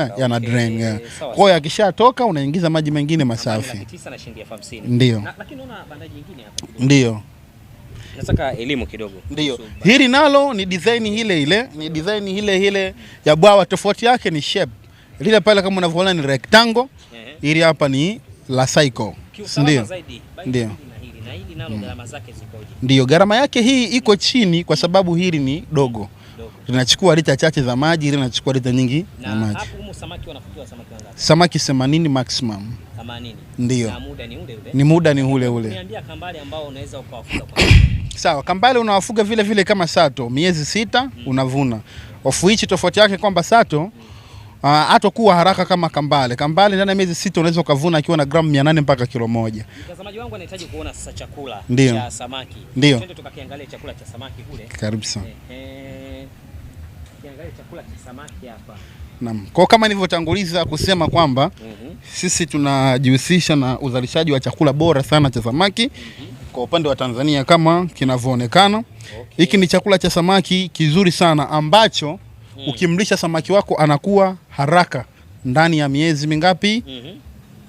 Eh, yana drain okay. Eh. Kwa hiyo akishatoka unaingiza maji mengine masafi ndio. Na, ndio nataka elimu kidogo. Ndio. Hili nalo ni design ile ile, ni design ile ile ya bwawa, tofauti yake ni shape. Lile pale kama unavyoona ni rectangle, hili hapa ni la cycle. Ndio. Ndio. Mm. Ndio, gharama yake hii iko chini kwa sababu hili ni dogo linachukua lita chache za maji, ile linachukua lita nyingi na za maji. Hapo samaki wanafutiwa samaki wangapi? Samaki 80 maximum. 80. Ndio. Na muda ni ule ule. Ni muda ni ule ule. Niambia kambale ambao unaweza ukawafuga kwa. Sawa, kambale unawafuga vile vile kama sato, miezi sita mm. unavuna. Ofuichi tofauti yake kwamba sato mm. Uh, ah, hatakuwa haraka kama kambale. Kambale ndani ya miezi sita unaweza ukavuna akiwa na gramu 800 mpaka kilo moja. Mtazamaji wangu anahitaji kuona sasa chakula cha samaki. Ndio. Twende tukakiangalia chakula cha samaki kule. Karibu sana. Eh, eh tukiangalia Naam. Kwa kama nilivyotanguliza kusema kwamba mm -hmm. sisi tunajihusisha na uzalishaji wa chakula bora sana cha samaki mm -hmm. kwa upande wa Tanzania kama kinavyoonekana hiki okay. ni chakula cha samaki kizuri sana ambacho mm. ukimlisha samaki wako anakuwa haraka ndani ya miezi mingapi? mm -hmm.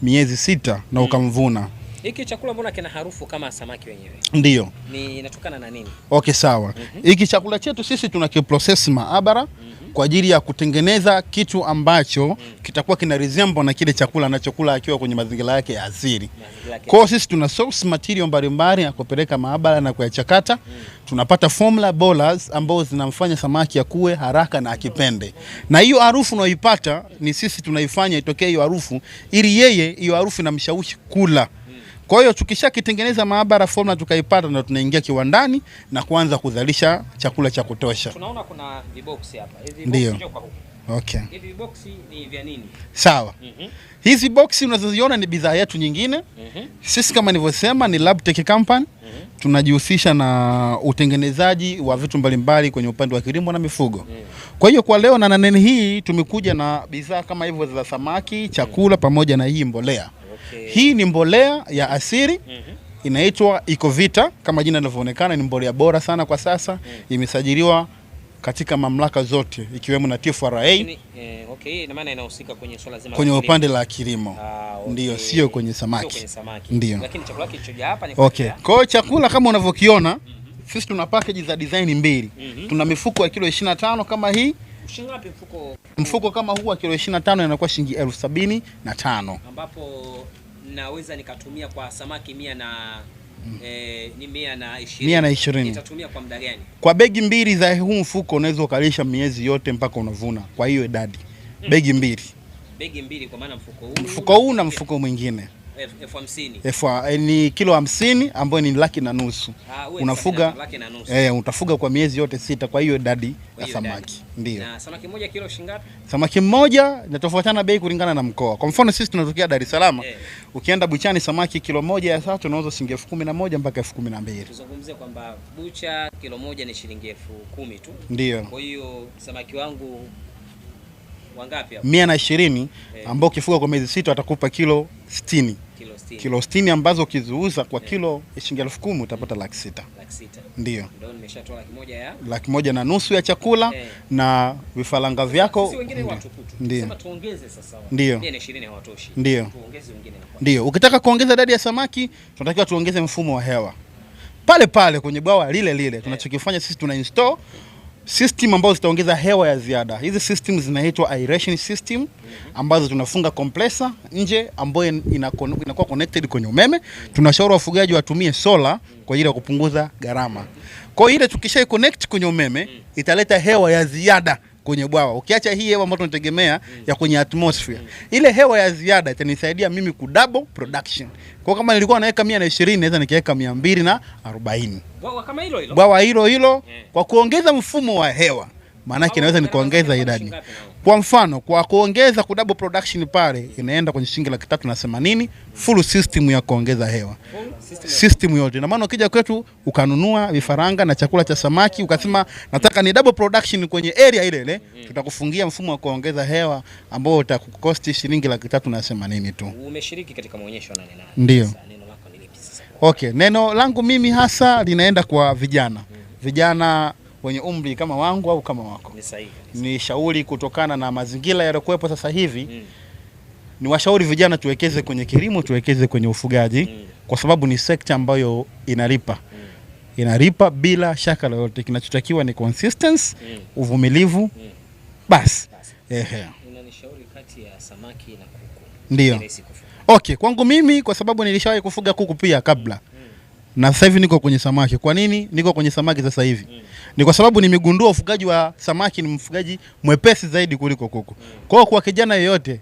miezi sita na mm. ukamvuna hiki chakula mbona kina harufu kama samaki wenyewe? Ndio. Ni inatokana na nini? Okay, sawa. Mhm. Hiki mm -hmm. chakula chetu sisi tuna kiprocess maabara mm -hmm. kwa ajili ya kutengeneza kitu ambacho mm -hmm. kitakuwa kina resemble na kile chakula anachokula akiwa kwenye mazingira yake ya asili. Kwa hiyo sisi tuna source material mbalimbali ya kupeleka maabara na kuyachakata mm -hmm. tunapata formula bolas ambazo zinamfanya samaki akue haraka na akipende. Na hiyo harufu unaoipata ni sisi tunaifanya itokee hiyo harufu ili yeye hiyo harufu inamshawishi kula. Kwa hiyo tukishakitengeneza maabara formula tukaipata, na tunaingia kiwandani na kuanza kuzalisha chakula cha kutosha. Tunaona kuna viboksi hapa, hivi ndio Okay. Hivi boksi ni vya nini? Sawa. mm -hmm. Hizi boksi unazoziona ni bidhaa yetu nyingine. mm -hmm. Sisi kama nilivyosema ni Labtech Company. mm -hmm. Tunajihusisha na utengenezaji wa vitu mbalimbali kwenye upande wa kilimo na mifugo. mm -hmm. Kwa hiyo kwa leo na naneni hii tumekuja na bidhaa kama hivyo za samaki, chakula mhm. pamoja na hii mbolea okay. Hii ni mbolea ya asili mm -hmm. inaitwa Ecovita kama jina linavyoonekana, ni mbolea bora sana kwa sasa mm -hmm. imesajiliwa katika mamlaka zote ikiwemo na TFRA eh, okay. inahusika kwenye swala zima kwenye upande la kilimo ah, okay. Ndio, sio kwenye samaki, samaki. Ndio, lakini chakula kilichoja hapa ni okay. Kwa hiyo chakula kama unavyokiona mm -hmm. sisi tuna package za design mbili mm -hmm. tuna mifuko ya kilo 25 kama hii Shingapi mfuko? Mfuko kama huu wa kilo 25 inakuwa shilingi elfu sabini na tano ambapo naweza nikatumia kwa samaki mia na mm. Eh, ni 120. na ishirini. Mia Itatumia kwa muda gani? Kwa begi mbili za huu mfuko unaweza ukalisha miezi yote mpaka unavuna. Kwa hiyo idadi mm. begi mbili, begi mbili kwa maana mfuko huu, mfuko huu na mfuko mwingine elfu hamsini. Eh, ni kilo hamsini ambayo ni laki na nusu. ha, ah, Unafuga na nusu. E, utafuga kwa miezi yote sita, kwa hiyo idadi ya samaki ndio. Na samaki mmoja kilo shingapi Samaki mmoja inatofautiana bei kulingana na mkoa. Kwa mfano sisi tunatokea Dar es Salaam eh. Ukienda buchani samaki kilo moja ya sasa tunauza shilingi elfu kumi na moja mpaka elfu kumi na mbili. Tuzungumzie kwamba bucha kilo moja ni shilingi elfu kumi tu. Ndio. Kwa hiyo samaki wangu mia na ishirini eh, ambao ukifuga kwa miezi sita atakupa kilo sitini kilo sitini ambazo ukiziuza kwa kilo shilingi elfu kumi utapata mm. laki sita ndio laki moja na nusu ya chakula eh, na vifaranga vyako ndio ndio Ukitaka kuongeza idadi ya samaki, tunatakiwa tuongeze mfumo wa hewa pale pale kwenye bwawa lile lile. Eh. Tunachokifanya sisi tuna install system ambazo zitaongeza hewa ya ziada. Hizi system zinaitwa aeration system ambazo tunafunga compressor nje ambayo inakuwa connected kwenye umeme. Tunashauri wafugaji watumie sola kwa ajili ya kupunguza gharama. Kwa hiyo ile tukishai connect kwenye umeme italeta hewa ya ziada kwenye bwawa, ukiacha hii hewa ambayo tunategemea ya mm. kwenye atmosphere ile hewa ya ziada itanisaidia mimi ku double production. Kwa kama nilikuwa naweka 120 naweza nikiweka 240 bwawa kama hilo hilo, bwawa hilo hilo yeah. kwa kuongeza mfumo wa hewa maanake inaweza ni kuongeza idadi. Kwa mfano, kwa kuongeza ku double production pale inaenda kwenye shilingi laki tatu na themanini full system ya kuongeza hewa, system yote. Na maana ukija kwetu ukanunua vifaranga na chakula cha samaki ukasema nataka ni double production kwenye area ile ile, mm. tutakufungia mfumo wa kuongeza hewa ambao utakukosti shilingi laki tatu na themanini tu. Umeshiriki katika maonyesho nane nane? Ndio. Okay, neno langu mimi hasa linaenda kwa vijana mm. vijana wenye umri kama wangu au kama wako. Ni sahihi. Ni shauri kutokana na mazingira yaliyokuwepo sasa hivi mm. Ni washauri vijana tuwekeze kwenye kilimo, tuwekeze kwenye ufugaji mm. kwa sababu ni sekta ambayo inalipa mm. inalipa bila shaka lolote. Kinachotakiwa ni consistency mm. uvumilivu mm. basi. Ehe. Unanishauri kati ya samaki na kuku. Ndio. Okay, kwangu mimi kwa sababu nilishawahi kufuga kuku pia kabla mm na sasa hivi niko kwenye samaki. Kwa nini niko kwenye samaki sasa hivi? Mm. Ni kwa sababu nimegundua ufugaji wa samaki ni mfugaji mwepesi zaidi kuliko kuku. Mm. Kwa kwa kijana yeyote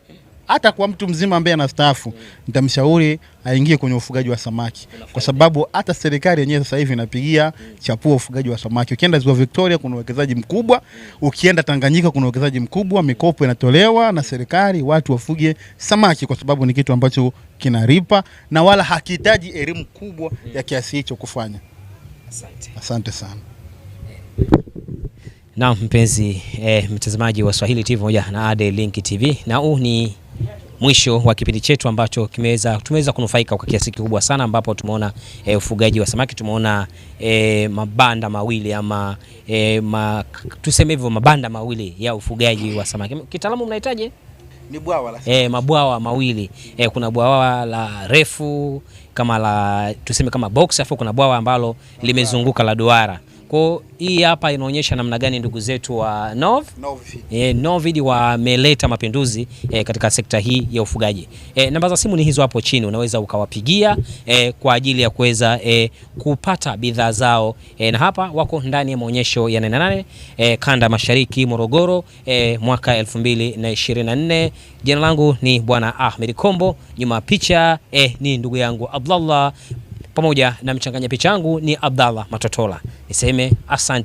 hata kwa mtu mzima ambaye anastaafu nitamshauri aingie kwenye ufugaji wa samaki, kwa sababu hata serikali yenyewe sasa hivi inapigia chapua ufugaji wa samaki. Ukienda ziwa Victoria kuna uwekezaji mkubwa, ukienda Tanganyika kuna uwekezaji mkubwa, mikopo inatolewa na serikali, watu wafuge samaki, kwa sababu ni kitu ambacho kinaripa na wala hakihitaji elimu kubwa ya kiasi hicho kufanya. Asante, asante sana. Na mpenzi eh, mtazamaji wa Swahili TV moja na Ade Link TV, na huu ni mwisho wa kipindi chetu ambacho kimeweza tumeweza kunufaika kwa kiasi kikubwa sana, ambapo tumeona eh, ufugaji wa samaki, tumeona eh, mabanda mawili ama eh, ma, tuseme hivyo mabanda mawili ya ufugaji wa samaki. Kitaalamu mnahitaji ni bwawa la e, mabwawa mawili e, kuna bwawa la refu kama la tuseme kama box, afu kuna bwawa ambalo limezunguka la duara. Kwa hii hapa inaonyesha namna gani ndugu zetu wa Nov, Novid, e, Novid wameleta mapinduzi e, katika sekta hii ya ufugaji. E, namba za simu ni hizo hapo chini, unaweza ukawapigia e, kwa ajili ya kuweza e, kupata bidhaa zao e, na hapa wako ndani ya maonyesho ya 88 e, kanda mashariki Morogoro e, mwaka 2024. Jina langu ni Bwana Ahmed Kombo, nyuma picha e, ni ndugu yangu Abdullah pamoja na mchanganya pichangu ni Abdallah Matotola. Niseme asante.